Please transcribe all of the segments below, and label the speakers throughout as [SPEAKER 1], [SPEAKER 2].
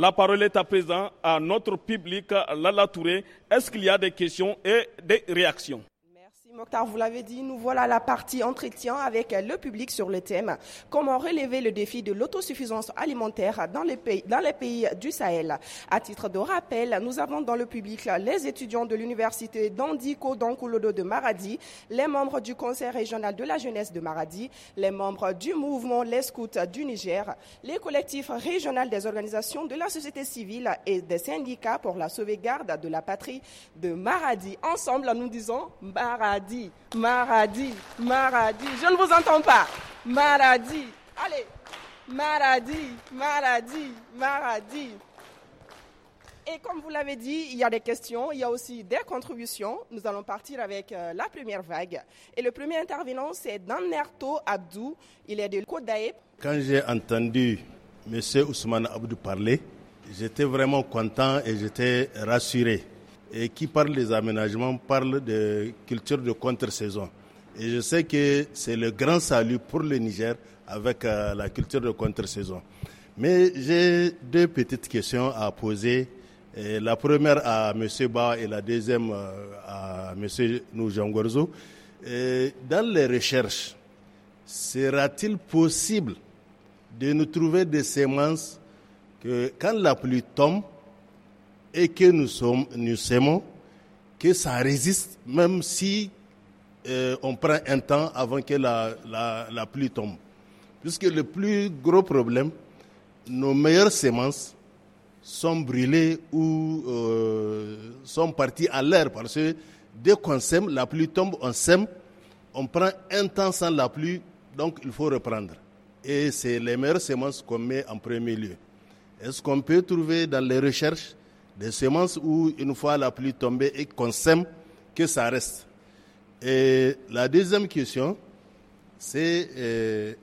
[SPEAKER 1] La parole est à présent à notre public, Lala Touré. Est-ce qu'il y a des questions et des réactions
[SPEAKER 2] vous l'avez dit, nous voilà la partie entretien avec le public sur le thème Comment relever le défi de l'autosuffisance alimentaire dans les, pays, du Sahel. À titre de rappel, nous avons dans le public les étudiants de l'université d'Andico, Dankoulodo de Maradi, les membres du Conseil régional de la jeunesse de Maradi, les membres du mouvement Les Scouts du Niger, les collectifs régionaux des organisations de la société civile et des syndicats pour la sauvegarde de la patrie de Maradi. Ensemble, nous disons Maradi. Maradi, Maradi, Je ne vous entends pas. Maradi, Allez. Maradi, Maradi, Maradi. Et comme vous l'avez dit, il y a des questions, il y a aussi des contributions. Nous allons partir avec euh, la première vague. Et le premier intervenant, c'est Danerto Abdou. Il est de Kodaïb.
[SPEAKER 3] Quand j'ai entendu M. Ousmane Abdou parler, j'étais vraiment content et j'étais rassuré et qui parle des aménagements parle de culture de contre-saison. Et je sais que c'est le grand salut pour le Niger avec euh, la culture de contre-saison. Mais j'ai deux petites questions à poser. la première à M. Ba et la deuxième euh, à M. Noujangorzo. Dans les recherches, sera-t-il possible de nous trouver des semences que quand la pluie tombe, et que nous, sommes, que ça résiste, même si euh, on prend un temps avant que la, pluie tombe. Puisque le plus gros problème, nos meilleures semences sont brûlées ou euh, sont parties à l'air parce que dès qu'on sème, la pluie tombe, on sème, on prend un temps sans la pluie, donc il faut reprendre. Et c'est les meilleures semences qu'on met en premier lieu. Est-ce qu'on peut trouver dans les recherches des semences où, une fois la pluie tombée et qu'on sème, que ça reste. Et la deuxième question, c'est euh,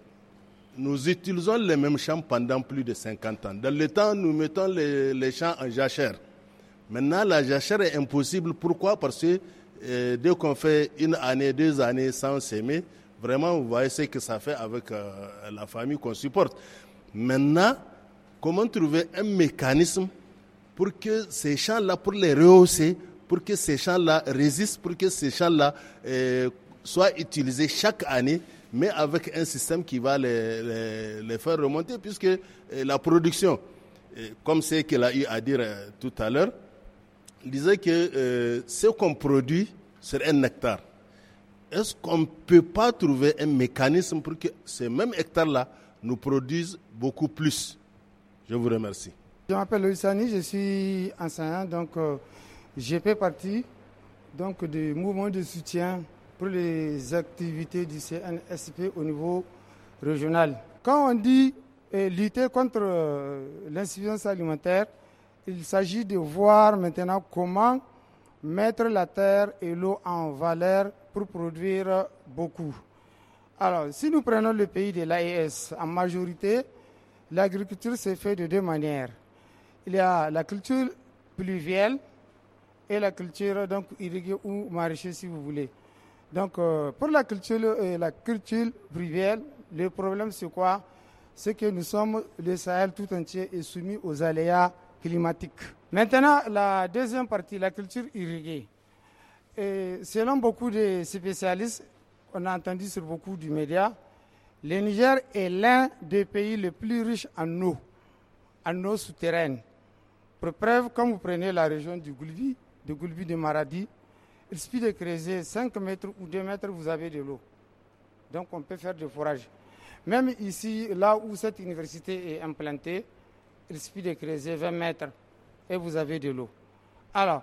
[SPEAKER 3] nous utilisons les mêmes champs pendant plus de 50 ans. Dans le temps, nous mettons les, champs en jachère. Maintenant, la jachère est impossible. Pourquoi Parce que euh, dès qu'on fait une année, deux années sans s'aimer, vraiment, vous voyez ce que ça fait avec euh, la famille qu'on supporte. Maintenant, comment trouver un mécanisme pour que ces champs-là, pour les rehausser, pour que ces champs-là résistent, pour que ces champs-là euh, soient utilisés chaque année, mais avec un système qui va les, faire remonter, puisque euh, la production, euh, comme c'est qu'elle a eu à dire tout à l'heure, disait que ce qu'on produit c'est un hectare, est-ce qu'on ne peut pas trouver un mécanisme pour que ces mêmes hectares là nous produisent beaucoup plus Je vous remercie.
[SPEAKER 4] Je m'appelle Louis je suis enseignant, donc euh, j'ai fait partie donc, du mouvement de soutien pour les activités du CNSP au niveau régional. Quand on dit euh, lutter contre euh, l'insuffisance alimentaire, il s'agit de voir maintenant comment mettre la terre et l'eau en valeur pour produire beaucoup. Alors, si nous prenons le pays de l'AES, en majorité, l'agriculture se fait de deux manières il y a la culture pluviale et la culture donc irriguée ou maraîchée, si vous voulez. Donc euh, pour la culture, et euh, la culture pluviale, le problème c'est quoi C'est que nous sommes, le Sahel tout entier est soumis aux aléas climatiques. Maintenant, la deuxième partie, la culture irriguée. selon beaucoup de spécialistes, on a entendu sur beaucoup de médias, le Niger est l'un des pays les plus riches en eau, en eau souterraine. Pour preuve, quand vous prenez la région du Goulbi, de Goulbi de Maradi, il suffit de creuser 5 mètres ou 2 mètres, vous avez de l'eau. Donc on peut faire du forage. Même ici, là où cette université est implantée, il suffit de creuser 20 mètres et vous avez de l'eau. Alors,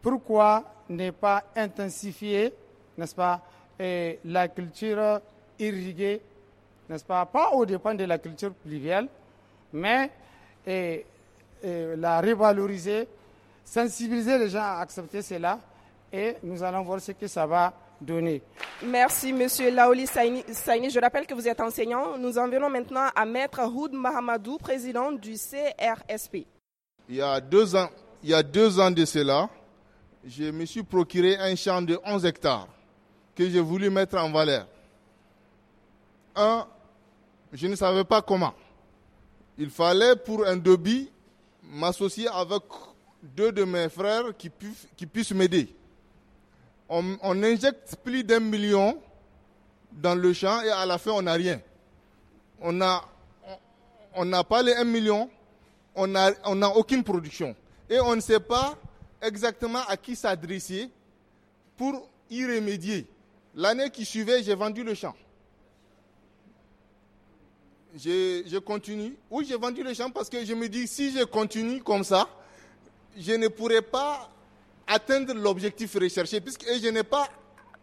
[SPEAKER 4] pourquoi ne pas intensifier, n'est-ce pas, la culture irriguée, n'est-ce pas, pas au dépend de la culture pluviale, mais et, euh, la revaloriser, sensibiliser les gens à accepter cela et nous allons voir ce que ça va donner. Merci, Monsieur
[SPEAKER 2] Laoli Saini. Je rappelle que vous êtes enseignant. Nous en venons maintenant à Maître Houd Mahamadou, président du CRSP.
[SPEAKER 5] Il y a deux ans, il y a deux ans de cela, je me suis procuré un champ de 11 hectares que j'ai voulu mettre en valeur. Un, je ne savais pas comment. Il fallait pour un débit m'associer avec deux de mes frères qui, qui puissent m'aider. On, injecte plus d'un million dans le champ et à la fin, on n'a rien. On n'a on, pas les un million, on n'a aucune production. Et on ne sait pas exactement à qui s'adresser pour y remédier. L'année qui suivait, j'ai vendu le champ je, continue. Oui, j'ai vendu le champ parce que je me dis, si je continue comme ça, je ne pourrai pas atteindre l'objectif recherché, puisque je n'ai pas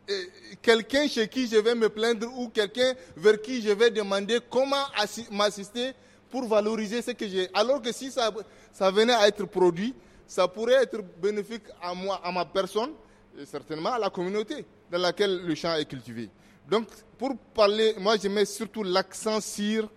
[SPEAKER 5] euh, quelqu'un chez qui je vais me plaindre ou quelqu'un vers qui je vais demander comment m'assister pour valoriser ce que j'ai. Alors que si ça, ça venait à être produit, ça pourrait être bénéfique à moi, à ma personne, et certainement à la communauté dans laquelle le champ est cultivé. Donc, pour parler, moi je mets surtout l'accent sur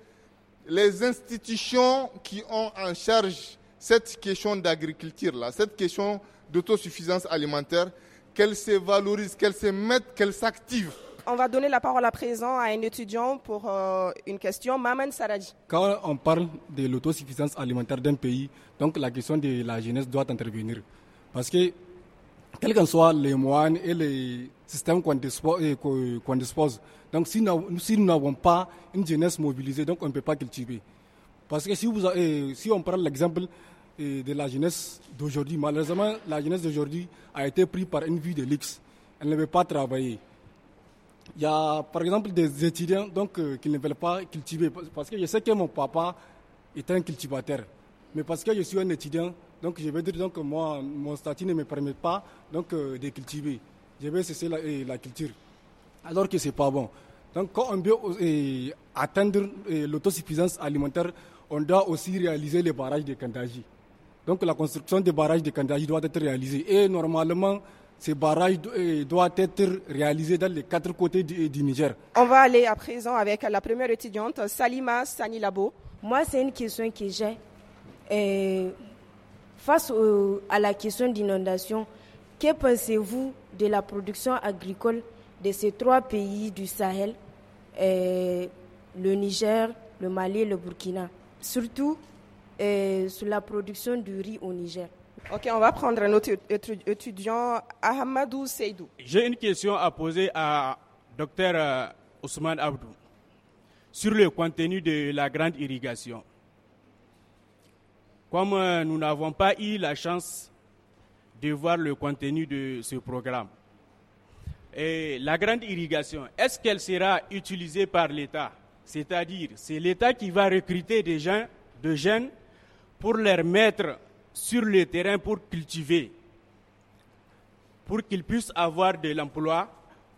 [SPEAKER 5] les institutions qui ont en charge cette question d'agriculture-là, cette question d'autosuffisance alimentaire, qu'elles se valorisent, qu'elles se mettent, qu'elles s'activent.
[SPEAKER 2] On va donner la parole à présent à un étudiant pour euh, une question. Maman Saradi.
[SPEAKER 6] Quand on parle de l'autosuffisance alimentaire d'un pays, donc la question de la jeunesse doit intervenir. Parce que, quels qu'en soient les moines et les système qu'on dispose, euh, Donc si nous n'avons pas une jeunesse mobilisée, donc on ne peut pas cultiver. Parce que si, vous euh, si on prend l'exemple euh, de la jeunesse d'aujourd'hui, malheureusement, la jeunesse d'aujourd'hui a été prise par une vie de luxe. Elle ne veut pas travailler. Il y a par exemple des étudiants donc, qui ne veulent pas cultiver. Parce que je sais que mon papa est un cultivateur. Mais parce que je suis un étudiant, donc je veux dire donc moi, mon statut ne me permet pas donc, de cultiver je vais cesser la, eh, culture. Alors que ce n'est pas bon. Donc quand on veut eh, atteindre eh, l'autosuffisance alimentaire, on doit aussi réaliser les barrages de Kandaji. Donc la construction des barrages de Kandaji doit être réalisée. Et normalement, ces barrages doivent être réalisés dans les quatre côtés du, Niger.
[SPEAKER 2] On va aller à présent avec la première étudiante, Salima Sanilabo. Moi, c'est une question que j'ai. face à la question d'inondation,
[SPEAKER 7] que pensez-vous de la production agricole de ces trois pays du Sahel, euh, le Niger, le Mali et le Burkina, surtout
[SPEAKER 2] euh, sur la production du riz au Niger. Ok, on va prendre un autre étudiant Ahmadou Seydou.
[SPEAKER 6] J'ai une question à poser à docteur euh,
[SPEAKER 8] Ousmane Abdou sur le contenu de la grande irrigation. Comme nous n'avons pas eu la chance de voir le contenu de ce programme. Et la grande irrigation, est-ce qu'elle sera utilisée par l'État C'est-à-dire, c'est l'État qui va recruter des gens, de jeunes, pour les mettre sur le terrain pour cultiver, pour qu'ils puissent avoir de l'emploi,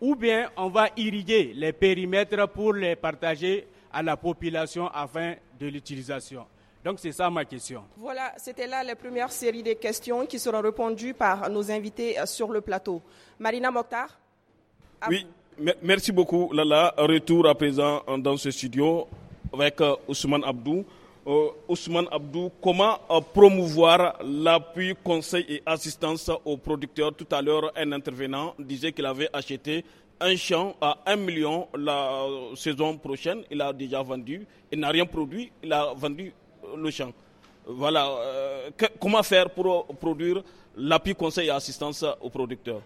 [SPEAKER 8] ou bien on va irriguer les périmètres pour les partager à la population afin de l'utilisation. Donc c'est ça ma question.
[SPEAKER 2] Voilà, c'était là la première série de questions qui seront répondues par nos invités euh, sur le plateau. Marina Mokhtar.
[SPEAKER 1] Oui, merci beaucoup Lala. Retour à présent euh, dans ce studio avec euh, Ousmane Abdou. Ousmane Abdou, comment promouvoir l'appui, conseil et assistance aux producteurs Tout à l'heure, un intervenant disait qu'il avait acheté un champ à 1 million la saison prochaine. Il a déjà vendu. Il n'a rien produit. Il a vendu le champ. Voilà, euh, comment faire pour euh, produire l'appui, conseil et assistance
[SPEAKER 8] aux producteurs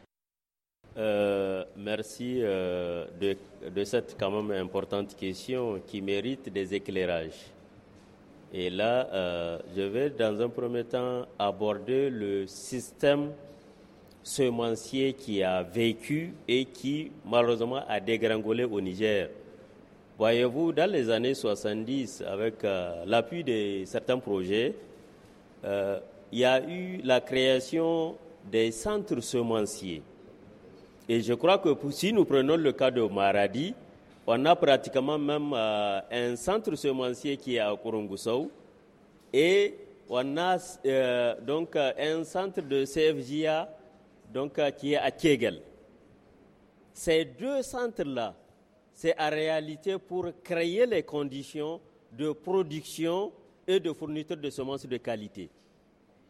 [SPEAKER 8] euh, merci de, cette quand même importante question qui mérite des éclairages. Et là, je vais dans un premier temps aborder le système semencier qui a vécu et qui malheureusement a dégringolé au Niger. Voyez-vous, dans les années 70, avec euh, l'appui de certains projets, euh, il y a eu la création des centres semenciers. Et je crois que si nous prenons le cas de Maradi, on a pratiquement même euh, un centre semencier qui est à Korongusau et on a donc un centre de CFJA qui est à Kegel. Ces deux centres-là c'est en réalité pour créer les conditions de production et de fourniture de semences de qualité.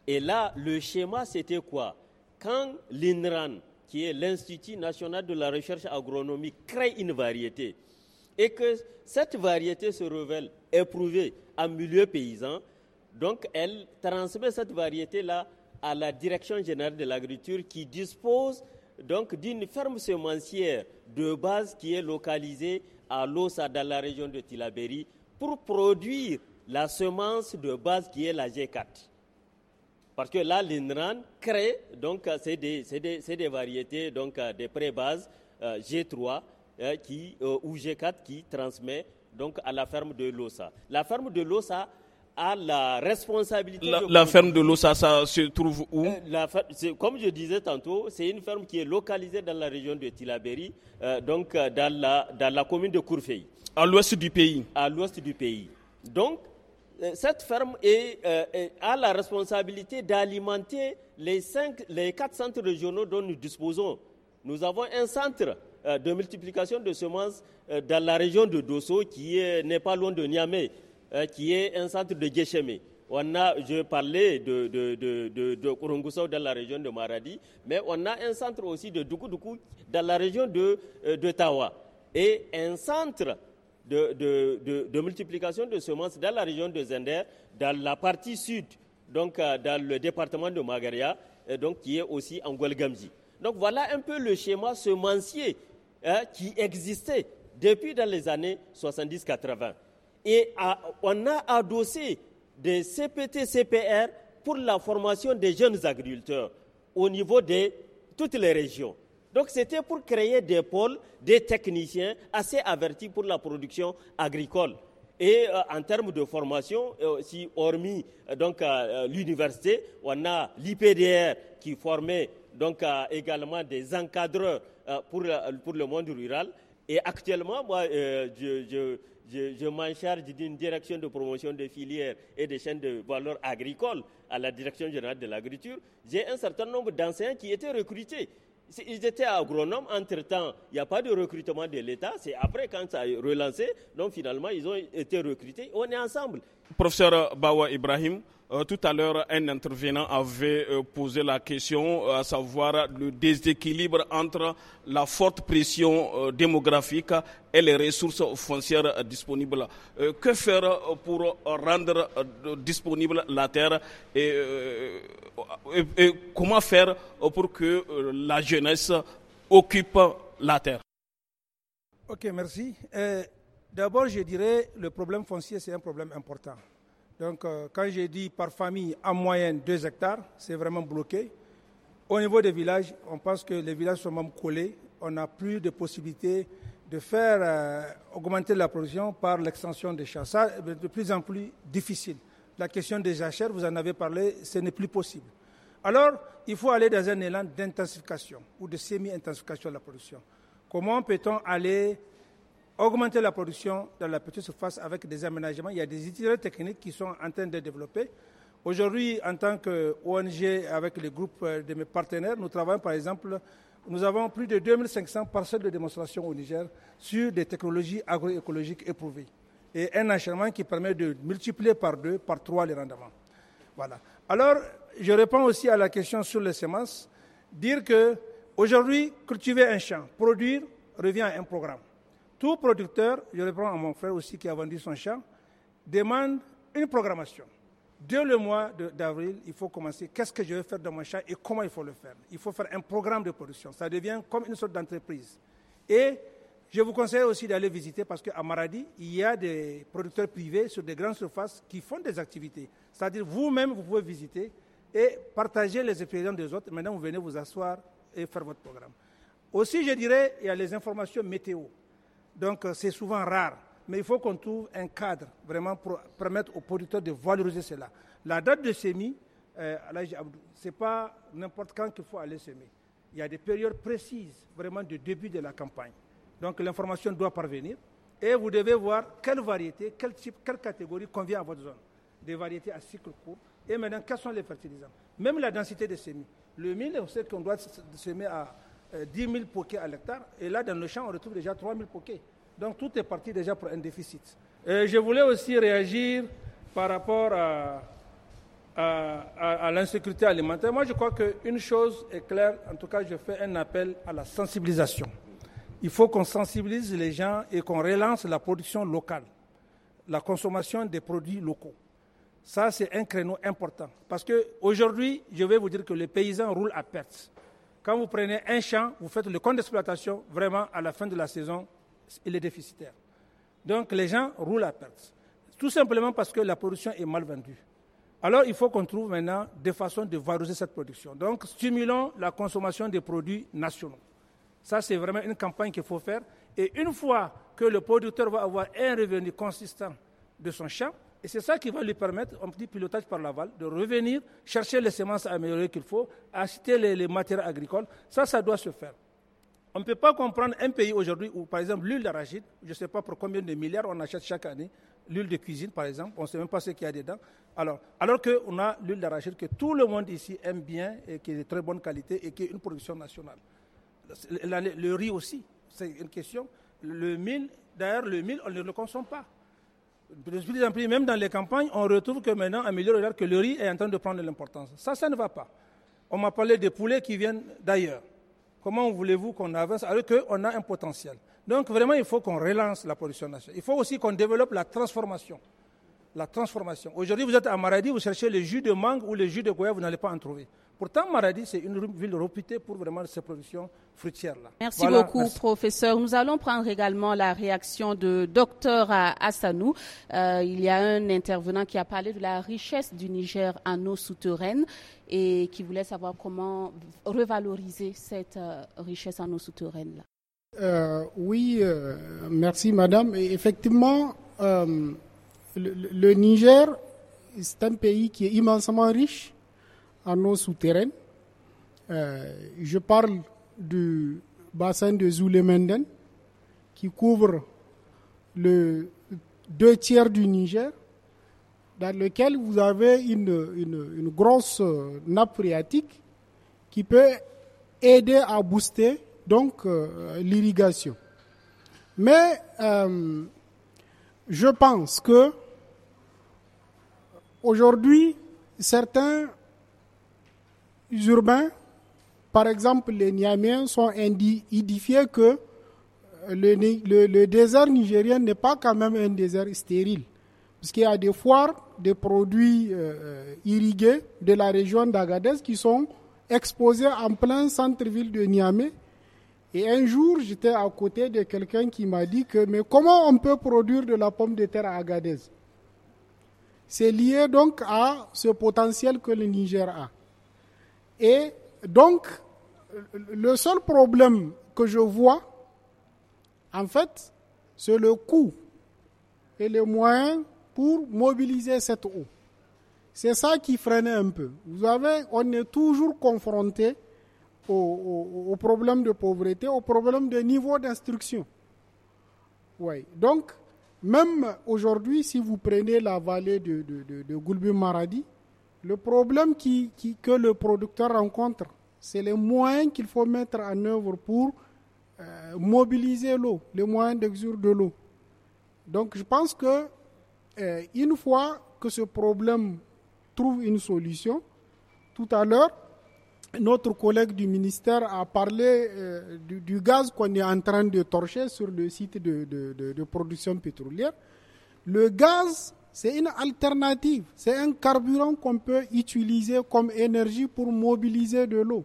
[SPEAKER 8] Et là, le schéma, c'était quoi Quand l'INRAN, qui est l'Institut national de la recherche agronomique, crée une variété et que cette variété se révèle éprouvée en milieu paysan, donc elle transmet cette variété-là à la Direction générale de l'agriculture qui dispose donc d'une ferme semencière de base qui est localisée à Losa dans la région de Tilaberi pour produire la semence de base qui est la G4. Parce que là, l'INRAN crée, donc c'est des, des, des, variétés, donc euh, des pré-bases euh, G3 euh, ou G4 qui transmet donc à la ferme de Losa. La ferme de Losa la responsabilité. La, ferme
[SPEAKER 1] de l'eau, ça, se trouve où
[SPEAKER 8] euh, Comme je disais tantôt, c'est une ferme qui est localisée dans la région de Tilaberi, euh, donc euh, dans la, dans la commune de Courfey. À l'ouest du pays À l'ouest du pays. Donc, cette ferme a la responsabilité d'alimenter les, les quatre centres régionaux dont nous disposons. Nous avons un centre de multiplication de semences dans la région de Dosso qui n'est pas loin de Niamey. Euh, qui est un centre de Géchemé. On a, je parlais de, de, dans la région de Maradi, mais on a un centre aussi de Doukoudougou dans la région euh, de, Tawa. Et un centre de, multiplication de semences dans la région de Zender, dans la partie sud, donc euh, dans le département de Magaria, donc qui est aussi en Gualgamzi. Donc voilà un peu le schéma semencier hein, qui existait depuis dans les années 70-80 et on a adossé des CPT-CPR pour la formation des jeunes agriculteurs au niveau de toutes les régions. Donc c'était pour créer des pôles, des techniciens assez avertis pour la production agricole. Et euh, en termes de formation, euh, aussi, hormis euh, donc l'université, on a l'IPDR qui formait donc également des encadreurs pour, pour le monde rural. Et actuellement, moi, je je, m'en charge d'une direction de promotion des filières et des chaînes de valeur agricole à la direction générale de l'agriculture. J'ai un certain nombre d'anciens qui étaient recrutés. Ils étaient agronomes, entre-temps, il n'y a pas de recrutement de l'État, c'est après quand ça a relancé, donc finalement ils ont été recrutés, on est ensemble. Professeur Bawa
[SPEAKER 1] Ibrahim, euh, tout à l'heure, un intervenant avait euh, posé la question, euh, à savoir le déséquilibre entre la forte pression démographique et les ressources foncières disponibles. que faire pour rendre disponible la terre et, comment faire pour que la jeunesse occupe la terre
[SPEAKER 9] Ok, merci. D'abord, je dirais que le problème foncier, c'est un problème important. Donc, euh, quand j'ai dit par famille, en moyenne 2 hectares, c'est vraiment bloqué. Au niveau des villages, on pense que les villages sont même collés. On n'a plus de possibilité de faire euh, augmenter la production par l'extension des champs. Ça, de plus en plus difficile. La question des achats, vous en avez parlé, ce n'est plus possible. Alors, il faut aller dans un élan d'intensification ou de semi-intensification de la production. Comment peut-on aller augmenter la production dans la petite surface avec des aménagements. Il y a des itinéraires techniques qui sont en train de développer. Aujourd'hui, en tant qu'ONG, avec le groupe euh, de mes partenaires, nous travaillons par exemple, nous avons plus de 2500 parcelles de démonstration au Niger sur des technologies agroécologiques éprouvées et un enchaînement qui permet de multiplier par deux, par trois les rendements. Voilà. Alors, je réponds aussi à la question sur les semences, dire que aujourd'hui, cultiver un champ, produire, revient à un programme. Tout producteur, je reprends à mon frère aussi qui a vendu son champ, demande une programmation. Dès le mois d'avril, il faut commencer. Qu'est-ce que je vais faire dans mon champ et comment il faut le faire Il faut faire un programme de production. Ça devient comme une sorte d'entreprise. Et je vous conseille aussi d'aller visiter parce qu'à Maradi, il y a des producteurs privés sur des grandes surfaces qui font des activités. C'est-à-dire, vous-même, vous pouvez visiter et partager les expériences des autres. Maintenant, vous venez vous asseoir et faire votre programme. Aussi, je dirais, il y a les informations météo. Donc euh, c'est souvent rare. Mais il faut qu'on trouve un cadre vraiment pour permettre aux producteurs de valoriser cela. La date de semis, euh, ce n'est pas n'importe quand qu'il faut aller semer. Il y a des périodes précises vraiment du début de la campagne. Donc l'information doit parvenir et vous devez voir quelle variété, quel type, quelle catégorie convient à votre zone. Des variétés à cycle court. Et maintenant, quels sont les fertilisants Même la densité des semis. Le mille, on sait qu'on doit semer à 10 000 pokés à l'hectare. Et là, dans le champ, on retrouve déjà 3 000 pokés. Donc tout est parti déjà pour un déficit. je voulais aussi réagir par rapport à, à l'insécurité alimentaire. Moi, je crois qu'une chose est claire. En tout cas, je fais un appel à la sensibilisation. Il faut qu'on sensibilise les gens et qu'on relance la production locale, la consommation des produits locaux. Ça, c'est un créneau important. Parce qu'aujourd'hui, je vais vous dire que les paysans roulent à perte. Quand vous prenez un champ, vous faites le compte d'exploitation, vraiment, à la fin de la saison, il est déficitaire. Donc les gens roulent à perte. Tout simplement parce que la production est mal vendue. Alors il faut qu'on trouve maintenant des façons de valoriser cette production. Donc stimulons la consommation des produits nationaux. Ça, c'est vraiment une campagne qu'il faut faire. Et une fois que le producteur va avoir un revenu consistant de son champ, et c'est ça qui va lui permettre, on petit pilotage par l'aval, de revenir chercher les semences améliorées qu'il faut, acheter les, matières agricoles. Ça, ça doit se faire. On ne peut pas comprendre un pays aujourd'hui où, par exemple, l'huile d'arachide, je ne sais pas pour combien de milliards on achète chaque année, l'huile de cuisine, par exemple, on ne sait même pas ce qu'il y a dedans. Alors, alors qu'on a l'huile d'arachide que tout le monde ici aime bien et qui est de très bonne qualité et qui est une production nationale. Le, riz aussi, c'est une question. Le mil, d'ailleurs, le mil, on ne le consomme pas même dans les campagnes, on retrouve que maintenant, en milieu que le riz est en train de prendre l'importance. Ça, ça ne va pas. On m'a parlé des poulets qui viennent d'ailleurs. Comment voulez-vous qu'on avance alors qu'on a un potentiel Donc vraiment, il faut qu'on relance la pollution nationale. Il faut aussi qu'on développe la transformation la transformation. Aujourd'hui, vous êtes à Maradi, vous cherchez le jus de mangue ou le jus de goya, vous n'allez pas en trouver. Pourtant, Maradi, c'est une ville réputée pour vraiment ces productions fruitières-là. Merci beaucoup,
[SPEAKER 10] professeur. Nous allons prendre également la réaction de docteur Hassanou. Euh, il y a un intervenant qui a parlé de la richesse du Niger en eau souterraine et qui voulait savoir comment revaloriser cette euh, richesse en eau souterraine
[SPEAKER 11] euh, oui, merci, madame. Et effectivement, le, Niger, c'est un pays qui est immensément riche en eau souterraines. Euh, je parle du bassin de Zulemenden qui couvre le deux tiers du Niger, dans lequel vous avez une, grosse nappe phréatique qui peut aider à booster donc euh, l'irrigation. Mais euh, je pense que Aujourd'hui, certains urbains, par exemple les Niamiens, sont édifiés que euh, le, désert nigérien n'est pas quand même un désert stérile, Parce qu'il y a des foires, des produits euh, euh, irrigués de la région d'Agadez qui sont exposés en plein centre-ville de Niamey. Et un jour, j'étais à côté de quelqu'un qui m'a dit que, mais comment on peut produire de la pomme de terre à Agadez c'est lié donc à ce potentiel que le Niger a. Et donc, le seul problème que je vois, en fait, c'est le coût et les moyens pour mobiliser cette eau. C'est ça qui freine un peu. Vous savez, on est toujours confronté au, problème de pauvreté, au problème de niveau d'instruction. Oui, Donc, même aujourd'hui, si vous prenez la vallée de, de, de, Maradi, le problème que le producteur rencontre, c'est les moyens qu'il faut mettre en œuvre pour euh, mobiliser l'eau, les moyens d'exure de l'eau. Donc je pense que euh, une fois que ce problème trouve une solution, tout à l'heure, notre collègue du ministère a parlé euh, du, gaz qu'on est en train de torcher sur le site de, production pétrolière. Le gaz, c'est une alternative, c'est un carburant qu'on peut utiliser comme énergie pour mobiliser de l'eau.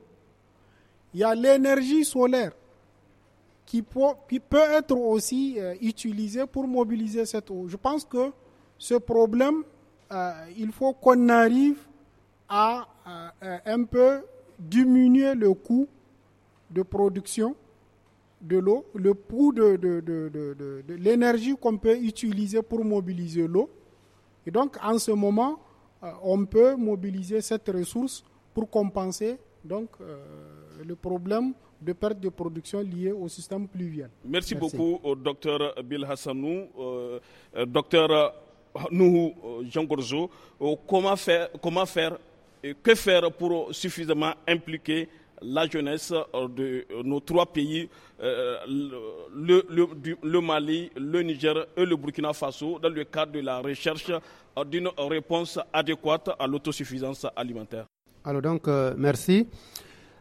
[SPEAKER 11] Il y a l'énergie solaire qui peut, être aussi euh, utilisée pour mobiliser cette eau. Je pense que ce problème, euh, il faut qu'on arrive à un peu diminuer le coût de production de l'eau, le coût de, de, de, de l'énergie qu'on peut utiliser pour mobiliser l'eau. Et donc, en ce moment, euh, on peut mobiliser cette ressource pour compenser donc, euh, le problème de perte de production liée au système pluvial. Merci, beaucoup
[SPEAKER 1] au docteur Bill Hassanou, euh, docteur Jean comment faire, comment faire que faire pour suffisamment impliquer la jeunesse euh, de euh, nos trois pays, euh, le, Mali, le Niger et le Burkina Faso, dans le cadre de la recherche d'une réponse adéquate à l'autosuffisance alimentaire.
[SPEAKER 12] Alors donc, merci.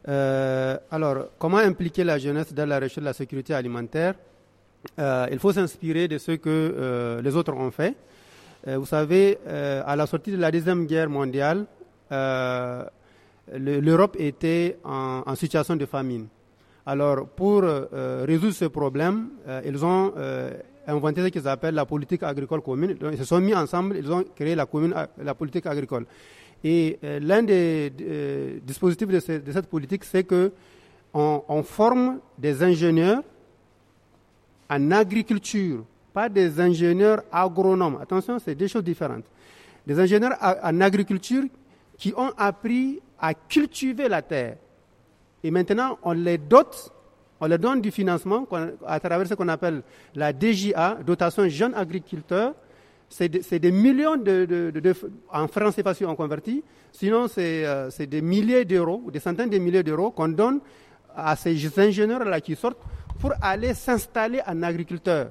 [SPEAKER 12] alors, comment impliquer la jeunesse dans la recherche de la sécurité alimentaire Il faut s'inspirer de ce que les autres ont fait. vous savez, à la sortie de la Deuxième Guerre mondiale, euh, l'Europe était en, situation de famine. Alors, pour euh, résoudre ce problème, euh, ils ont inventé ce qu'ils appellent la politique agricole commune. ils se sont mis ensemble, ils ont créé la, commune, la politique agricole. Et l'un des dispositifs de, cette politique, c'est qu'on forme des ingénieurs en agriculture, pas des ingénieurs agronomes. Attention, c'est deux choses différentes. Des ingénieurs en agriculture qui ont appris à cultiver la terre. Et maintenant, on les dote, on leur donne du financement à travers ce qu'on appelle la DJA, dotation jeunes agriculteurs. C'est des millions de, en France, c'est pas si on convertit. Sinon, c'est des milliers d'euros, des centaines de milliers d'euros qu'on donne à ces ingénieurs-là qui sortent pour aller s'installer en agriculteur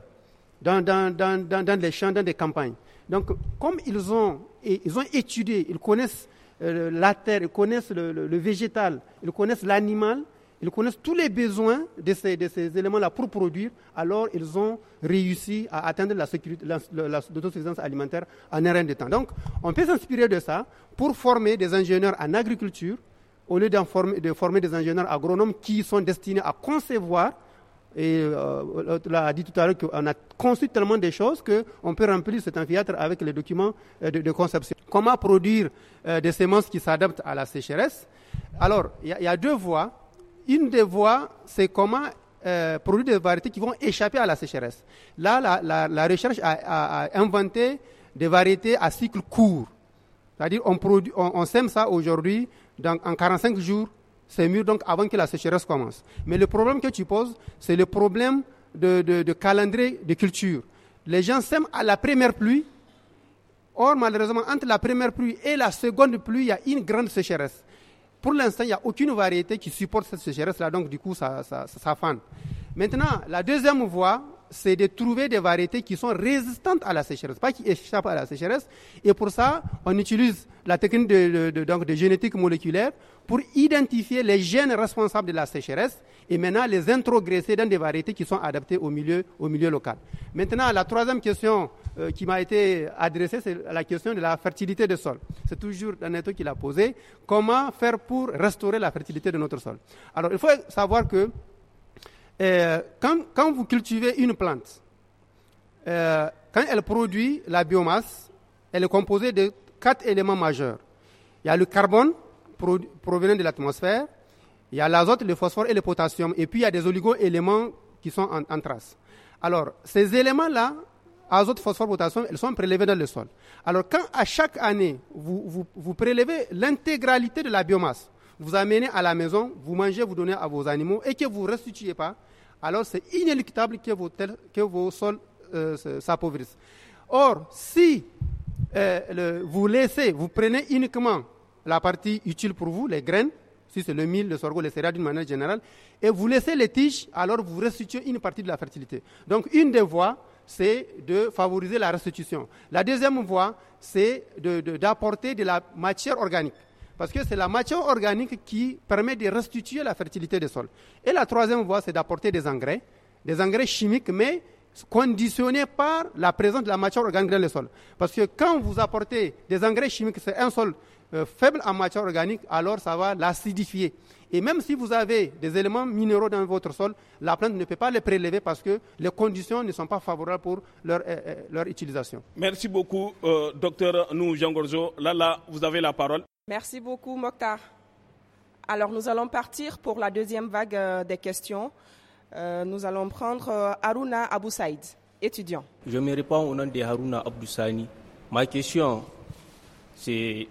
[SPEAKER 12] dans, dans, les champs, dans des campagnes. Donc, comme ils ont, ils ont étudié, ils connaissent euh, la terre, ils connaissent le, végétal, ils connaissent l'animal, ils connaissent tous les besoins de ces, éléments-là pour produire, alors ils ont réussi à atteindre l'autosuffisance alimentaire en un rien de temps. Donc, on peut s'inspirer de ça pour former des ingénieurs en agriculture, au lieu de former des ingénieurs agronomes qui sont destinés à concevoir et euh, là, a dit tout à l'heure qu'on a construit tellement de choses qu'on peut remplir cet amphithéâtre avec les documents euh, de, conception. Comment produire euh, des semences qui s'adaptent à la sécheresse Alors, il y, a deux voies. Une des voies, c'est comment euh, produire des variétés qui vont échapper à la sécheresse. Là, la, recherche a, inventé des variétés à cycle court. C'est-à-dire, on, on, sème ça aujourd'hui en 45 jours c'est mieux, donc avant que la sécheresse commence. Mais le problème que tu poses, c'est le problème de, calendrier de culture. Les gens sèment à la première pluie. Or, malheureusement, entre la première pluie et la seconde pluie, il y a une grande sécheresse. Pour l'instant, il n'y a aucune variété qui supporte cette sécheresse-là, donc du coup, ça, ça, ça, ça fane. Maintenant, la deuxième voie, c'est de trouver des variétés qui sont résistantes à la sécheresse, pas qui échappent à la sécheresse. Et pour ça, on utilise la technique de, donc de génétique moléculaire pour identifier les gènes responsables de la sécheresse et maintenant les introgresser dans des variétés qui sont adaptées au milieu, au milieu local. Maintenant, la troisième question euh, qui m'a été adressée, c'est la question de la fertilité des sols. C'est toujours Daneto qui l'a posée. Comment faire pour restaurer la fertilité de notre sol Alors, il faut savoir que euh, quand, vous cultivez une plante, euh, quand elle produit la biomasse, elle est composée de quatre éléments majeurs. Il y a le carbone provenant de l'atmosphère, il y a l'azote, le phosphore et le potassium, et puis il y a des oligo-éléments qui sont en, trace. Alors, ces éléments-là, azote, phosphore, potassium, ils sont prélevés dans le sol. Alors, quand à chaque année, vous, vous prélevez l'intégralité de la biomasse, vous amenez à la maison, vous mangez, vous donnez à vos animaux et que vous ne restituez pas, alors c'est inéluctable que vos, sols euh, s'appauvrissent. Or, si euh, vous laissez, vous prenez uniquement la partie utile pour vous, les graines, si c'est le mil, le sorgho, les céréales d'une manière générale, et vous laissez les tiges, alors vous restituez une partie de la fertilité. Donc, une des voies, c'est de favoriser la restitution. La deuxième voie, c'est d'apporter de la matière organique. Parce que c'est la matière organique qui permet de restituer la fertilité des sols. Et la troisième voie, c'est d'apporter des engrais, des engrais chimiques, mais conditionnés par la présence de la matière organique dans le sol. Parce que quand vous apportez des engrais chimiques, c'est un sol euh, faible en matière organique, alors ça va l'acidifier. Et même si vous avez des éléments minéraux dans votre sol, la plante ne peut pas les prélever parce que les conditions ne sont pas favorables pour leur, euh, euh, utilisation.
[SPEAKER 1] Merci beaucoup, docteur Nou Gorzo. Lala, vous avez la parole.
[SPEAKER 2] Merci beaucoup, Mokhtar. Alors, nous allons partir pour la deuxième vague euh, des questions. Euh, nous allons prendre euh, Haruna Abou Saïd, étudiant.
[SPEAKER 8] Je me réponds au nom de Haruna Saïd. Ma question, c'est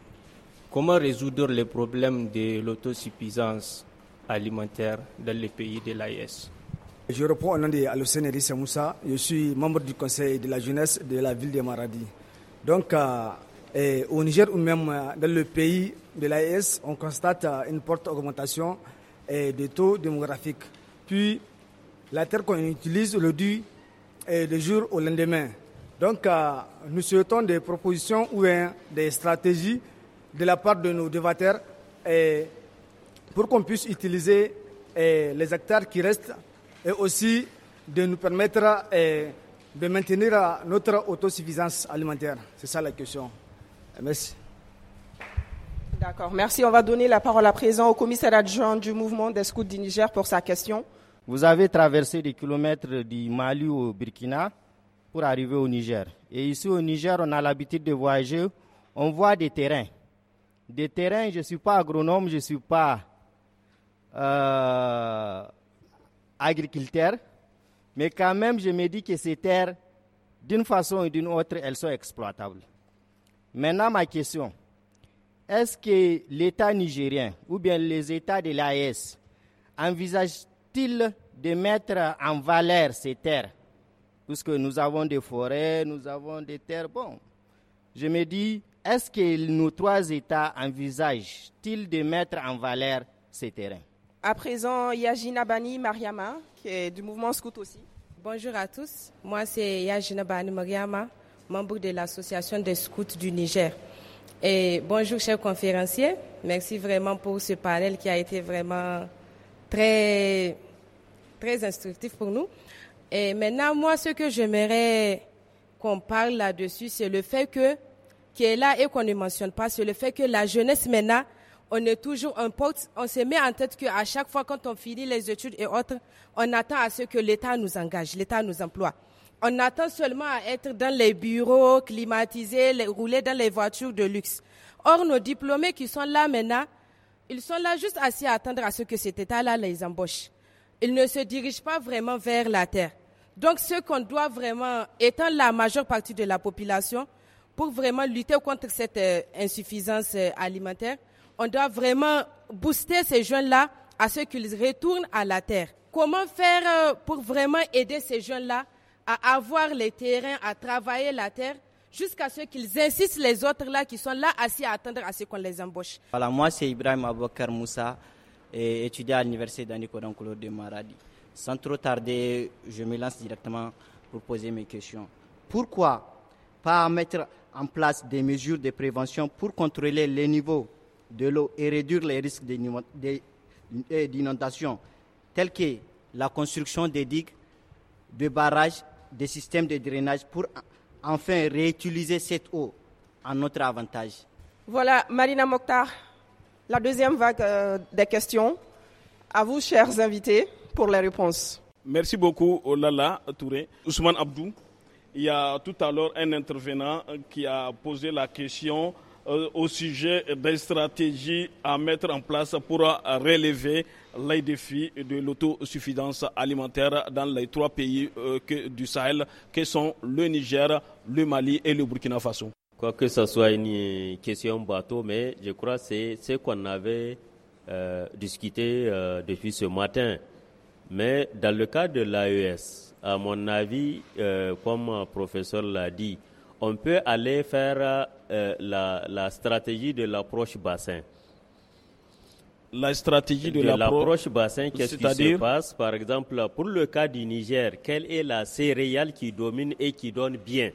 [SPEAKER 8] comment résoudre les problèmes de l'autosuffisance alimentaire dans les pays de l'AIS
[SPEAKER 6] e Je reprends au nom de Alocène Samoussa. Je suis membre du conseil de la jeunesse de la ville de Maradi. Donc, eh, au Niger ou même euh, dans le pays de l'AES, on constate euh, une forte augmentation eh, des taux démographiques. Puis, la terre qu'on utilise le dit de jour au lendemain. Donc, euh, nous souhaitons des propositions ou des stratégies de la part de nos débatteurs eh, pour qu'on puisse utiliser les hectares qui restent et aussi de nous permettre de maintenir notre autosuffisance alimentaire. C'est ça la question. Merci.
[SPEAKER 2] D'accord, merci. On va donner la parole à présent au commissaire adjoint du mouvement des scouts du Niger pour sa question.
[SPEAKER 8] Vous avez traversé des kilomètres du Mali au Burkina pour arriver au Niger. Et ici au Niger, on a l'habitude de voyager, on voit des terrains. Des terrains, je ne suis pas agronome, je ne suis pas euh, agriculteur, mais quand même, je me dis que ces terres, d'une façon ou d'une autre, elles sont exploitables. Maintenant, ma question. Est-ce que l'État nigérien ou bien les États de l'AES envisagent-ils de mettre en valeur ces terres Puisque nous avons des forêts, nous avons des terres. Bon, je me dis, est-ce que nos trois États envisagent-ils de mettre en valeur ces terrains
[SPEAKER 2] À présent, Yajina Bani Mariama, qui est du mouvement Scout aussi. Bonjour à tous. Moi, c'est Yajina
[SPEAKER 7] Bani Mariama membre de l'Association des scouts du Niger. Et bonjour, cher conférencier. Merci vraiment pour ce panel qui a été vraiment très, très instructif pour nous. Et maintenant, moi, ce que j'aimerais qu'on parle là-dessus, c'est le fait que, qui est là et qu'on ne mentionne pas, c'est le fait que la jeunesse maintenant, on est toujours un porte, on se met en tête qu'à chaque fois quand on finit les études et autres, on attend à ce que l'État nous engage, l'État nous emploie. On attend seulement à être dans les bureaux climatisés, les, rouler dans les voitures de luxe. Or, nos diplômés qui sont là maintenant, ils sont là juste assis à attendre à ce que cet État-là les embauche. Ils ne se dirigent pas vraiment vers la terre. Donc, ce qu'on doit vraiment, étant la majeure partie de la population, pour vraiment lutter contre cette euh, insuffisance euh, alimentaire, on doit vraiment booster ces jeunes-là à ce qu'ils retournent à la terre. Comment faire euh, pour vraiment aider ces jeunes-là à avoir les terrains, à travailler la terre, jusqu'à ce qu'ils insistent les autres là qui sont là assis à attendre à ce qu'on les embauche.
[SPEAKER 8] Voilà, moi c'est Ibrahim Abokar Moussa, étudiant à l'université d'Anikodankolo de Maradi. Sans trop tarder, je me lance directement pour poser mes questions. Pourquoi pas mettre en place des mesures de prévention pour contrôler les niveaux de l'eau et réduire les risques euh, d'inondation, tels que la construction des digues, de barrages des systèmes de drainage pour enfin réutiliser cette eau à notre avantage.
[SPEAKER 2] Voilà, Marina Mokhtar, la deuxième vague euh, des questions. À vous, chers invités, pour les réponses. Merci beaucoup, Olala Touré. Ousmane Abdou,
[SPEAKER 1] il y a tout à l'heure un intervenant qui a posé la question euh, au sujet des stratégies à mettre en place pour relever les défis de l'autosuffisance alimentaire dans les trois pays euh, du Sahel que sont le Niger, le Mali et le Burkina Faso.
[SPEAKER 8] Quoi que ce soit une question bateau, mais je crois que c'est ce qu'on avait euh, discuté depuis ce matin. Mais dans le cas de l'AES, à mon avis, comme le professeur l'a dit, on peut aller faire euh, la, stratégie de l'approche bassin. La stratégie de, l'approche bassin, qu'est-ce qui se passe Par exemple, pour le cas du Niger, quelle est la céréale qui domine et qui donne bien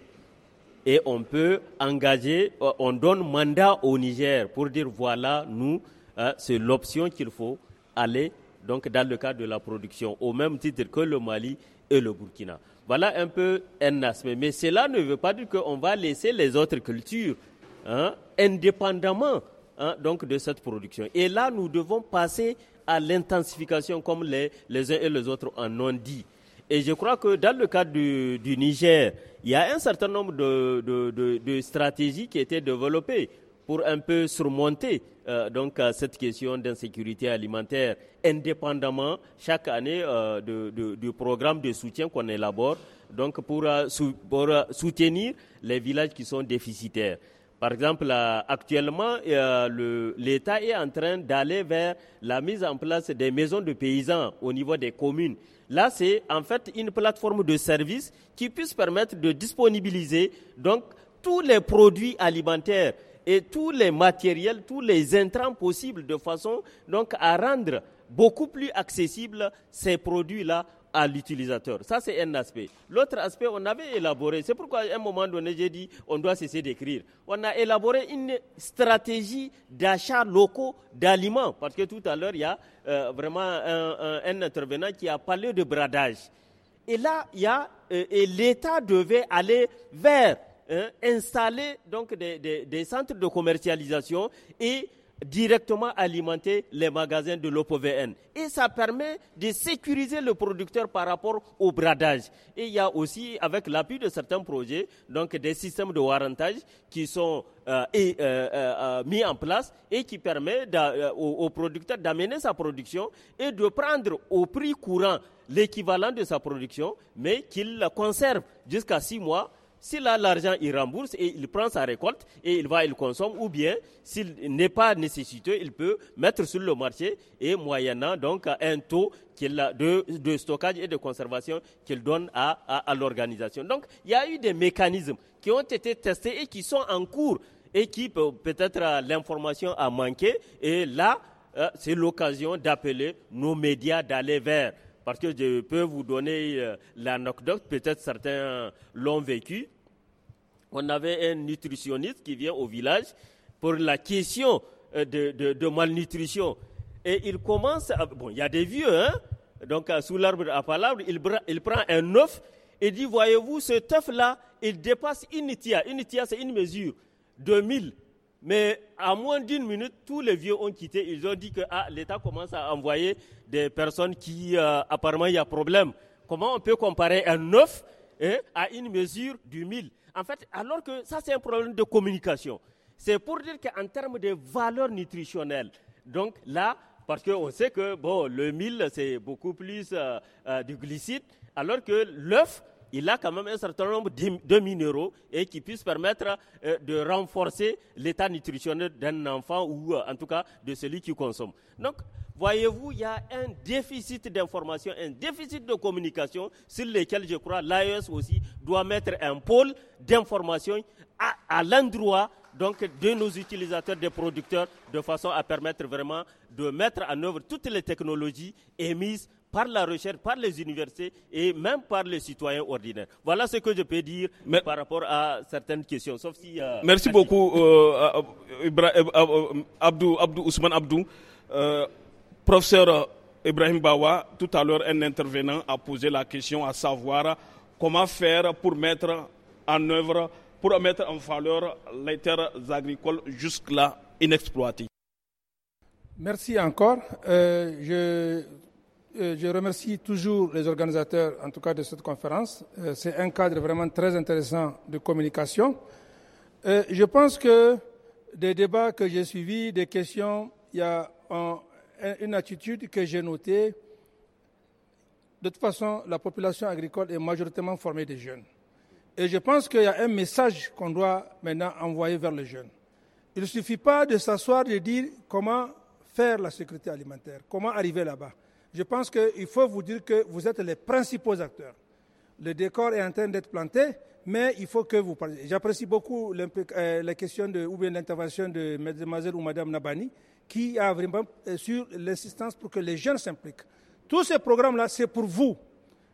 [SPEAKER 8] Et on peut engager, euh, on donne mandat au Niger pour dire voilà, nous, euh, c'est l'option qu'il faut aller, donc dans le cadre de la production, au même titre que le Mali et le Burkina. Voilà un peu un aspect. Mais cela ne veut pas dire qu'on va laisser les autres cultures hein, indépendamment hein, de cette production. Et là, nous devons passer à l'intensification, comme les, uns et les autres en ont dit. Et je crois que dans le cadre du, Niger, il y a un certain nombre de stratégies qui étaient développées pour un peu surmonter euh, donc euh, cette question d'insécurité alimentaire, indépendamment chaque année euh, du programme de soutien qu'on élabore, donc pour, soutenir les villages qui sont déficitaires. Par exemple, actuellement, l'État est en train d'aller vers la mise en place des maisons de paysans au niveau des communes. Là, c'est en fait une plateforme de services qui puisse permettre de disponibiliser donc tous les produits alimentaires et tous les matériels, tous les intrants possibles de façon donc à rendre beaucoup plus accessibles ces produits-là à l'utilisateur. Ça, c'est un aspect. L'autre aspect, on avait élaboré, c'est pourquoi à un moment donné, j'ai dit, on doit cesser d'écrire. On a élaboré une stratégie d'achat locaux d'aliments, parce que tout à l'heure, il y a euh, vraiment un, intervenant qui a parlé de bradage. Et là, il y a, euh, et l'État devait aller vers euh, installer donc des, centres de commercialisation et directement alimenter les magasins de l'OPVN. Et ça permet de sécuriser le producteur par rapport au bradage. Et il y a aussi, avec l'appui de certains projets, donc des systèmes de warrantage qui sont euh, euh, mis en place et qui permettent au, au producteur d'amener sa production et de prendre au prix courant l'équivalent de sa production, mais qu'il la conserve jusqu'à six mois s'il a l'argent, il rembourse et il prend sa récolte et il va, il consomme. Ou bien, s'il n'est pas nécessité, il peut mettre sur le marché et moyennant donc un taux de, de, stockage et de conservation qu'il donne à, l'organisation. Donc, il y a eu des mécanismes qui ont été testés et qui sont en cours et qui peut-être euh, l'information a manqué. Et là, euh, c'est l'occasion d'appeler nos médias d'aller vers. Parce que je peux vous donner euh, l'anecdote, peut-être certains l'ont vécu on avait un nutritionniste qui vient au village pour la question euh, de, malnutrition. Et il commence, bon, il y a des vieux, hein, donc euh, sous l'arbre à palabre, il, prend un œuf et dit, voyez-vous, ce œuf-là, il dépasse une tia. Une tia, c'est une mesure, de mille. Mais à moins d'une minute, tous les vieux ont quitté. Ils ont dit que ah, l'État commence à envoyer des personnes qui, euh, apparemment, il y a problème. Comment on peut comparer un œuf hein, à une mesure du mille en fait, alors que ça, c'est un problème de communication. C'est pour dire qu'en termes de valeur nutritionnelle, donc là, parce qu'on sait que le mil, c'est beaucoup plus euh, euh, du glycide, alors que l'œuf, il a quand même un certain nombre de minéraux et qui puissent permettre euh, de renforcer l'état nutritionnel d'un enfant ou en tout cas de celui qui consomme. Donc, Voyez-vous, il y a un déficit d'information, un déficit de communication sur lequel je crois l'AES aussi doit mettre un pôle d'information à, l'endroit donc de nos utilisateurs, des producteurs, de façon à permettre vraiment de mettre en œuvre toutes les technologies émises par la recherche, par les universités et même par les citoyens ordinaires. Voilà ce que je peux dire par rapport à certaines questions. Sauf si, euh,
[SPEAKER 1] Merci beaucoup, euh, euh, Abdou, Abdou Ousmane Abdou. Professeur euh, Ibrahim Bawa, tout à l'heure, un intervenant a posé la question à savoir comment faire pour mettre en œuvre, pour mettre en valeur les terres agricoles jusque-là inexploitées.
[SPEAKER 9] Merci encore. Euh, euh, je, remercie toujours les organisateurs, en tout cas de cette conférence. C'est un cadre vraiment très intéressant de communication. je pense que des débats que j'ai suivis, des questions, il y a une attitude que j'ai notée. De toute façon, la population agricole est majoritairement formée des jeunes. Et je pense qu'il y a un message qu'on doit maintenant envoyer vers les jeunes. Il ne suffit pas de s'asseoir et de dire comment faire la sécurité alimentaire, comment arriver là-bas. Je pense qu'il faut vous dire que vous êtes les principaux acteurs. Le décor est en train d'être planté, mais il faut que vous parliez. J'apprécie beaucoup euh, les question de, ou bien l'intervention de mademoiselle ou madame Nabani, qui a vraiment euh, sur l'insistance pour que les jeunes s'impliquent. Tous ces programmes-là, c'est pour vous.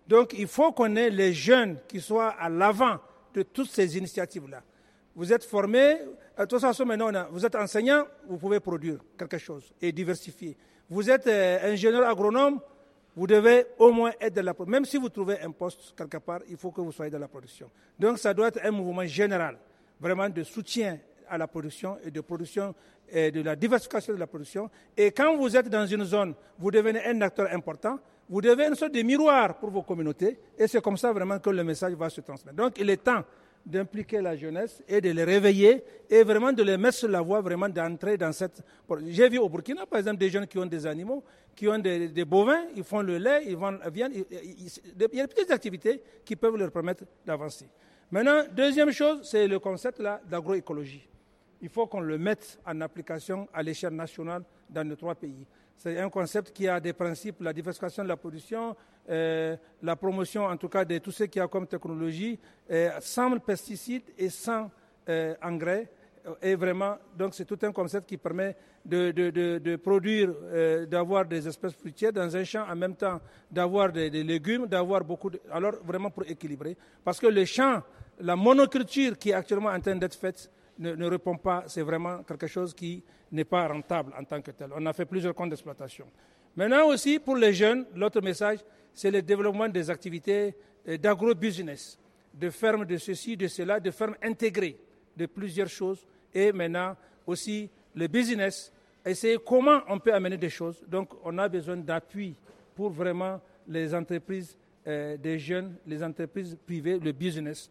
[SPEAKER 9] Donc, il faut qu'on ait les jeunes qui soient à l'avant de toutes ces initiatives-là. Vous êtes formés, euh, de toute façon, maintenant, vous êtes enseignant, vous pouvez produire quelque chose et diversifier. Vous êtes euh, ingénieur agronome, vous devez au moins être dans la production. Même si vous trouvez un poste quelque part, il faut que vous soyez dans la production. Donc, ça doit être un mouvement général, vraiment de soutien à la production et de production et de la diversification de la production. Et quand vous êtes dans une zone, vous devenez un acteur important, vous devenez une sorte de miroir pour vos communautés, et c'est comme ça vraiment que le message va se transmettre. Donc il est temps d'impliquer la jeunesse et de les réveiller et vraiment de les mettre sur la voie vraiment d'entrer dans cette... J'ai vu au Burkina, par exemple, des jeunes qui ont des animaux, qui ont des, bovins, ils font le lait, ils viennent, il y a des petites activités qui peuvent leur permettre d'avancer. Maintenant, deuxième chose, c'est le concept là d'agroécologie il faut qu'on le mette en application à l'échelle nationale dans nos trois pays. C'est un concept qui a des principes, la diversification de la production, euh, la promotion en tout cas de tout ce qu'il y a comme technologie, euh, sans pesticides et sans euh, engrais. Et vraiment, donc c'est tout un concept qui permet de, produire, d'avoir des espèces fruitières dans un champ, en même temps d'avoir des, des, légumes, d'avoir beaucoup de... Alors vraiment pour équilibrer. Parce que le champ, la monoculture qui est actuellement en train d'être faite, ne, répond pas, c'est vraiment quelque chose qui n'est pas rentable en tant que tel. On a fait plusieurs comptes d'exploitation. Maintenant aussi, pour les jeunes, l'autre message, c'est le développement des activités euh, d'agro-business, de fermes de ceci, de cela, de fermes intégrées, de plusieurs choses. Et maintenant aussi, le business, essayer comment on peut amener des choses. Donc, on a besoin d'appui pour vraiment les entreprises euh, des jeunes, les entreprises privées, le business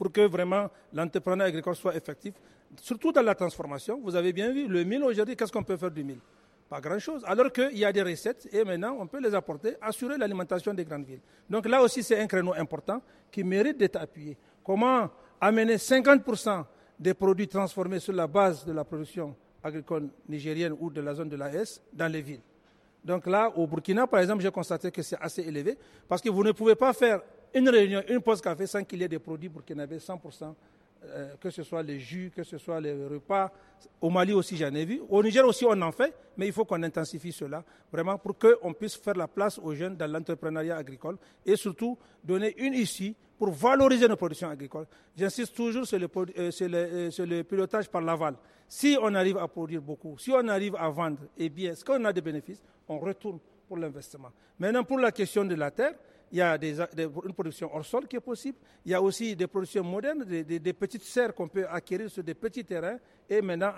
[SPEAKER 9] pour que vraiment l'entrepreneur agricole soit effectif, surtout dans la transformation. Vous avez bien vu, le mille aujourd'hui, qu'est-ce qu'on peut faire du mille Pas grand-chose. Alors qu'il y a des recettes et maintenant on peut les apporter, assurer l'alimentation des grandes villes. Donc là aussi, c'est un créneau important qui mérite d'être appuyé. Comment amener 50% des produits transformés sur la base de la production agricole nigérienne ou de la zone de l'AS dans les villes. Donc là, au Burkina, par exemple, j'ai constaté que c'est assez élevé parce que vous ne pouvez pas faire une réunion, une pause café sans qu'il y ait des produits pour qu'il ait 100%, euh, que ce soit les jus, que ce soit les repas. Au Mali aussi, j'en ai vu. Au Niger aussi, on en fait, mais il faut qu'on intensifie cela, vraiment, pour qu'on puisse faire la place aux jeunes dans l'entrepreneuriat agricole et surtout donner une issue pour valoriser nos productions agricoles. J'insiste toujours sur le, euh, le, euh, sur le, pilotage par l'aval. Si on arrive à produire beaucoup, si on arrive à vendre, eh bien, est-ce qu'on a des bénéfices On retourne pour l'investissement. Maintenant, pour la question de la terre, il y a une production hors sol qui est possible, il y a aussi des productions modernes, des, petites serres qu'on peut acquérir sur des petits terrains. Et maintenant,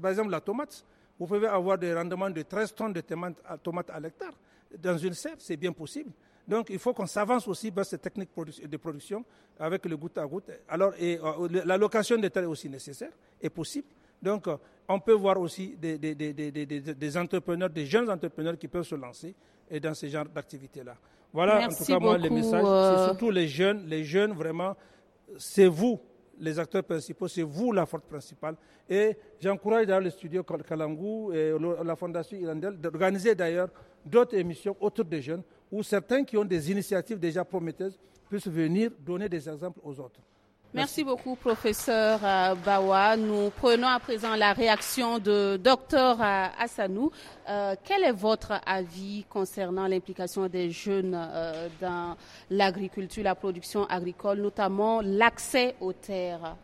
[SPEAKER 9] par exemple, la tomate, vous pouvez avoir des rendements de 13 tonnes de tomates à l'hectare dans une serre, c'est bien possible. Donc, il faut qu'on s'avance aussi vers ces techniques de production avec le goutte à goutte. Alors, et, euh, l'allocation des terres est aussi nécessaire et possible. Donc, euh, on peut voir aussi des, des, entrepreneurs, des jeunes entrepreneurs qui peuvent se lancer dans ce genre d'activité-là. Voilà en tout cas moi le message. C'est euh, surtout les jeunes, les jeunes vraiment, c'est vous les acteurs principaux, c'est vous la force principale. Et j'encourage d'ailleurs le studio Kalangou et la Fondation Irandel d'organiser d'ailleurs d'autres émissions autour des jeunes où certains qui ont des initiatives déjà prometteuses puissent venir donner des exemples aux autres.
[SPEAKER 10] Merci. beaucoup, professeur euh, Bawa. Nous prenons à présent la réaction de docteur Hassanou. Euh, euh, quel est votre avis concernant l'implication des jeunes dans l'agriculture, la production agricole, notamment l'accès aux terres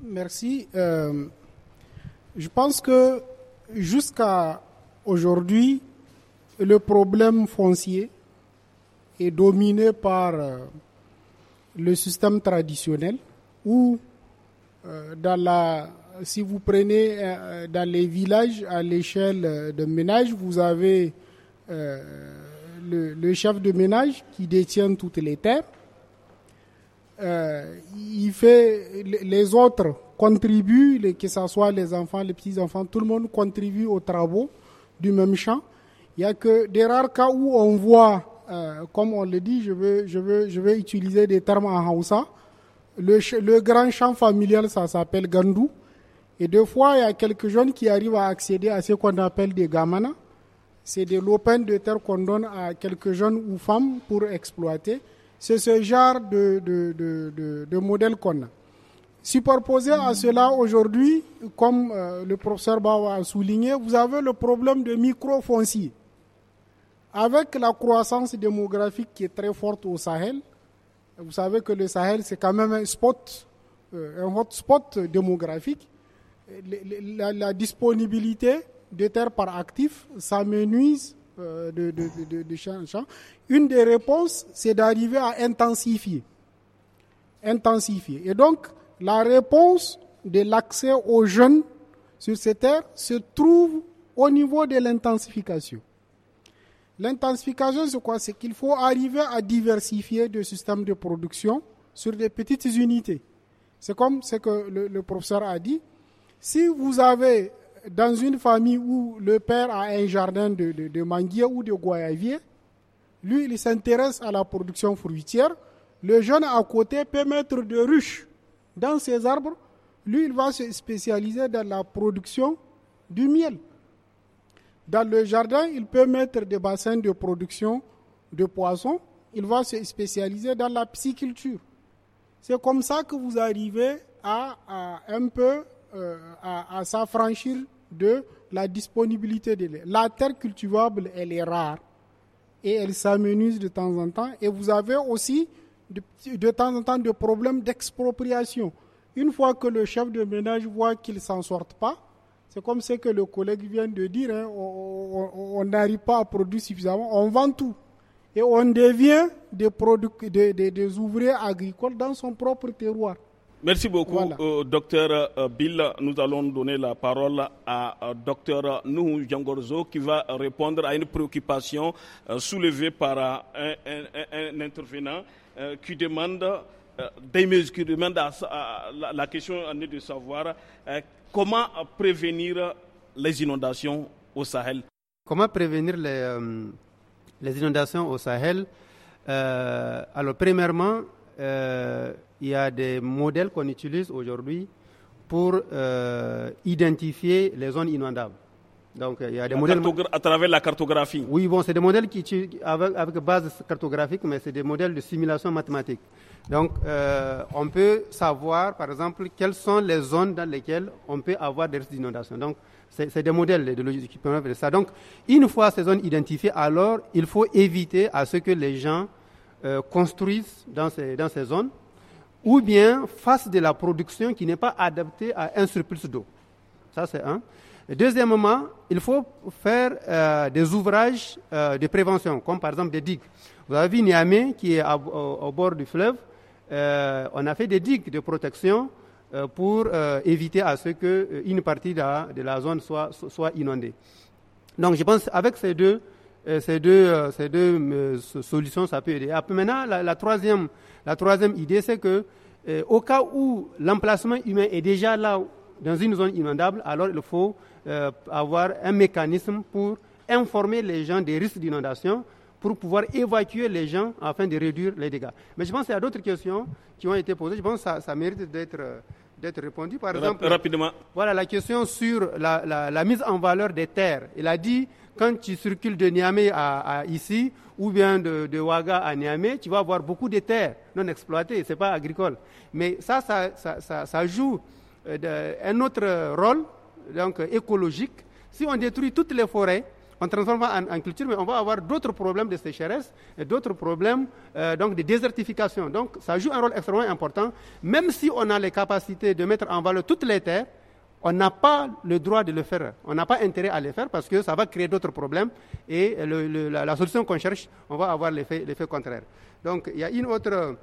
[SPEAKER 11] Merci. je pense que jusqu'à aujourd'hui, le problème foncier est dominé par le système traditionnel où euh, dans la si vous prenez euh, dans les villages à l'échelle euh, de ménage, vous avez le, chef de ménage qui détient toutes les terres. il fait les autres contribuent, que ce soit les enfants, les petits-enfants, tout le monde contribue aux travaux du même champ. Il n'y a que des rares cas où on voit euh, comme on le dit, je veux, je veux, je vais utiliser des termes en Hausa. Le, grand champ familial, ça s'appelle Gandou. Et deux fois, il y a quelques jeunes qui arrivent à accéder à ce qu'on appelle des gamana. C'est des l'open de terre qu'on donne à quelques jeunes ou femmes pour exploiter. C'est ce genre de, de, de, de, modèle qu'on a. Superposé à cela aujourd'hui, comme euh, le professeur Bawa a souligné, vous avez le problème de micro-foncier. Avec la croissance démographique qui est très forte au Sahel, vous savez que le Sahel, c'est quand même un spot, euh, un hot spot démographique. La, disponibilité de terres par actif s'amenuise euh, de, champ champ. Une des réponses, c'est d'arriver à intensifier. Intensifier. Et donc, la réponse de l'accès aux jeunes sur ces terres se trouve au niveau de l'intensification. L'intensification, c'est quoi C'est qu'il faut arriver à diversifier des systèmes de production sur des petites unités. C'est comme ce que le, professeur a dit. Si vous avez dans une famille où le père a un jardin de, de, manguier ou de goyavier, lui, il s'intéresse à la production fruitière. Le jeune à côté peut mettre des ruches dans ses arbres. Lui, il va se spécialiser dans la production du miel. Dans le jardin, il peut mettre des bassins de production de poissons. Il va se spécialiser dans la pisciculture. C'est comme ça que vous arrivez à, un peu euh, à, s'affranchir de la disponibilité de l'air. La terre cultivable, elle est rare et elle s'amenuise de temps en temps. Et vous avez aussi de, de temps en temps des problèmes d'expropriation. Une fois que le chef de ménage voit qu'il ne s'en sort pas, c'est comme ce que le collègue vient de dire, hein. on n'arrive pas à produire suffisamment, on vend tout. Et on devient des, des, ouvriers agricoles dans son propre terroir.
[SPEAKER 1] Merci beaucoup, euh, docteur euh, Bill. Nous allons donner la parole à euh, docteur Nuhu Jangorzo qui va répondre à une préoccupation soulevée par un, intervenant qui demande des mesures, la, question de savoir Comment prévenir les inondations au Sahel
[SPEAKER 12] Comment prévenir les, euh, inondations au Sahel euh, Alors, premièrement, euh, il y a des modèles qu'on utilise aujourd'hui pour identifier les zones inondables. Donc il y a des modèles. À travers la
[SPEAKER 1] cartographie
[SPEAKER 12] Oui, bon, c'est des modèles qui, avec, base cartographique, mais c'est des modèles de simulation mathématique. Donc euh, on peut savoir, par exemple, quelles sont les zones dans lesquelles on peut avoir des risques d'inondation. Donc c'est des modèles de logique qui permettent de ça. Donc une fois ces zones identifiées, alors il faut éviter à ce que les gens euh, construisent dans ces, dans ces zones ou bien fassent de la production qui n'est pas adaptée à un surplus d'eau. Ça, c'est un deuxièmement, il faut faire euh, des ouvrages euh, de prévention, comme par exemple des digues. Vous avez vu Niamey qui est au, bord du fleuve. Euh, on a fait des digues de protection pour éviter à ce qu'une partie de la, zone soit, soit inondée. Donc je pense avec ces deux, ces deux, ces deux solutions, ça peut aider. maintenant, la, la, troisième, la troisième idée, c'est que au cas où l'emplacement humain est déjà là dans une zone inondable, alors il faut euh, avoir un mécanisme pour informer les gens des risques d'inondation, pour pouvoir évacuer les gens afin de réduire les dégâts. Mais je pense qu'il y a d'autres questions qui ont été posées. Je pense que ça, mérite d'être d'être répondu. Par exemple, Voilà la question sur la, mise en valeur des terres. Il a dit quand tu circules de Niamey à, ici ou bien de, de, Ouaga à Niamey, tu vas avoir beaucoup de terres non exploitées. Ce n'est pas agricole. Mais ça, ça, ça joue euh, un autre rôle donc, écologique. Si on détruit toutes les forêts, on transforme en, en culture, mais on va avoir d'autres problèmes de sécheresse et d'autres problèmes euh, donc de désertification. Donc ça joue un rôle extrêmement important. Même si on a les capacités de mettre en valeur toutes les terres, on n'a pas le droit de le faire. On n'a pas intérêt à le faire parce que ça va créer d'autres problèmes et la, la, solution qu'on cherche, on va avoir l'effet, l'effet contraire. Donc il y a une autre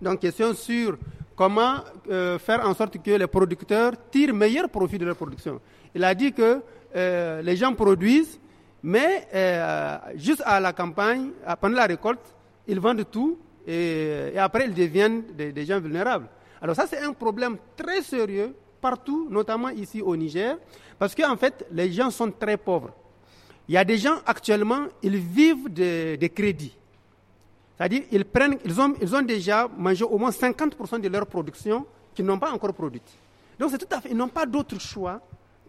[SPEAKER 12] donc, question sur comment euh, faire en sorte que les producteurs tirent meilleur profit de leur production. Il a dit que euh, les gens produisent, mais euh, juste à la campagne, pendant la récolte, ils vendent tout et, après ils deviennent des, gens vulnérables. Alors ça, c'est un problème très sérieux partout, notamment ici au Niger, parce qu'en fait, les gens sont très pauvres. Il y a des gens actuellement, ils vivent des crédits. C'est-à-dire ils, prennent, ils, ont, déjà mangé au moins 50% de leur production qu'ils n'ont pas encore produite. Donc c'est tout à fait, ils n'ont pas d'autre choix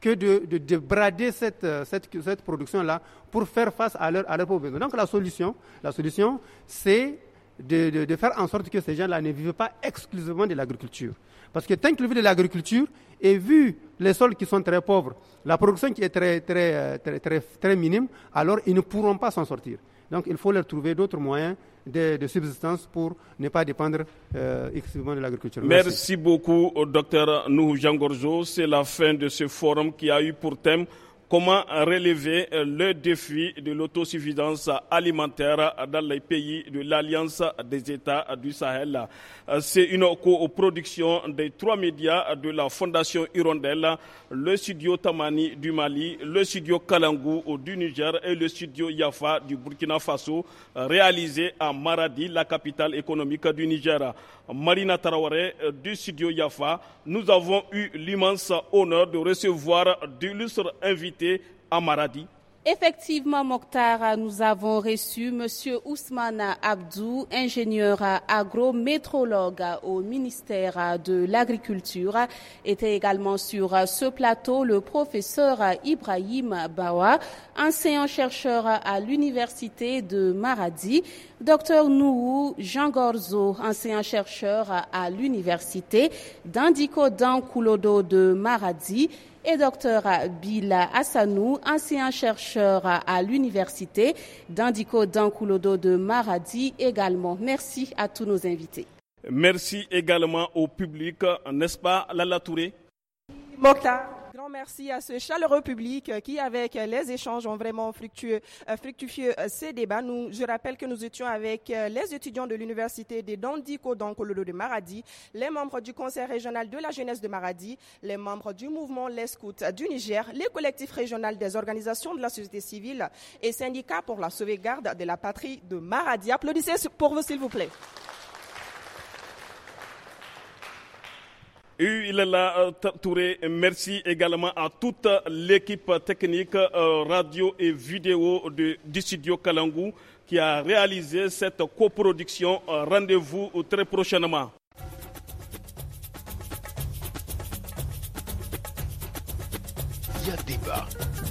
[SPEAKER 12] que de, brader euh, cette, production-là pour faire face à à leur besoins. Donc la solution, la solution c'est de, faire en sorte que ces gens-là ne vivent pas exclusivement de l'agriculture. Parce que tant qu'ils vivent de l'agriculture, et vu les sols qui sont très pauvres, la production qui est très, très, euh, très, très minime, alors ils ne pourront pas s'en sortir. Donc il faut leur trouver d'autres moyens de, subsistance pour ne pas dépendre euh, exclusivement de l'agriculture. Merci.
[SPEAKER 1] beaucoup, docteur Nouhou Jangorzo. C'est la fin de ce forum qui a eu pour thème Comment relever euh, le défi de l'autosuffisance alimentaire dans les pays de l'Alliance des États du Sahel euh, C'est une co-production des trois médias de la Fondation Hirondelle, le studio Tamani du Mali, le studio Kalangou du Niger et le studio Yafa du Burkina Faso, réalisé à Maradi, la capitale économique du Niger. Marina Taraware euh, du studio Yafa, nous avons eu l'immense honneur de recevoir d'illustres invités Maradi.
[SPEAKER 10] Effectivement, Mokhtar, nous avons reçu M. Ousmane Abdou, ingénieur agrométrologue au ministère de l'Agriculture. Était également sur ce plateau le professeur Ibrahim Bawa, enseignant-chercheur à l'Université de Maradi. Docteur Nouhou Jean Gorzo, enseignant-chercheur à l'Université d'Andiko Koulodo de Maradi et Dr Bila Hassanou, ancien chercheur à l'université d'Andico Dankulodo de Maradi également. Merci à tous nos invités.
[SPEAKER 1] Merci également au public, n'est-ce pas, Lala Touré
[SPEAKER 2] merci à ce chaleureux public euh, qui, avec euh, les échanges, ont vraiment fructueux, euh, fructifié ces débats. Nous, je rappelle que nous étions avec les étudiants de l'université des Dandiko d'Ankololo de Maradi, les membres du Conseil régional de la jeunesse de Maradi, les membres du mouvement Les Scouts du Niger, les collectifs régionaux des organisations de la société civile et syndicats pour la sauvegarde de la patrie de Maradi. Applaudissez pour vous, s'il vous plaît.
[SPEAKER 1] Il a euh, Touré, merci également à toute l'équipe technique euh, radio et vidéo de, du studio Kalangou qui a réalisé cette coproduction. Euh, rendez-vous très prochainement. a débat.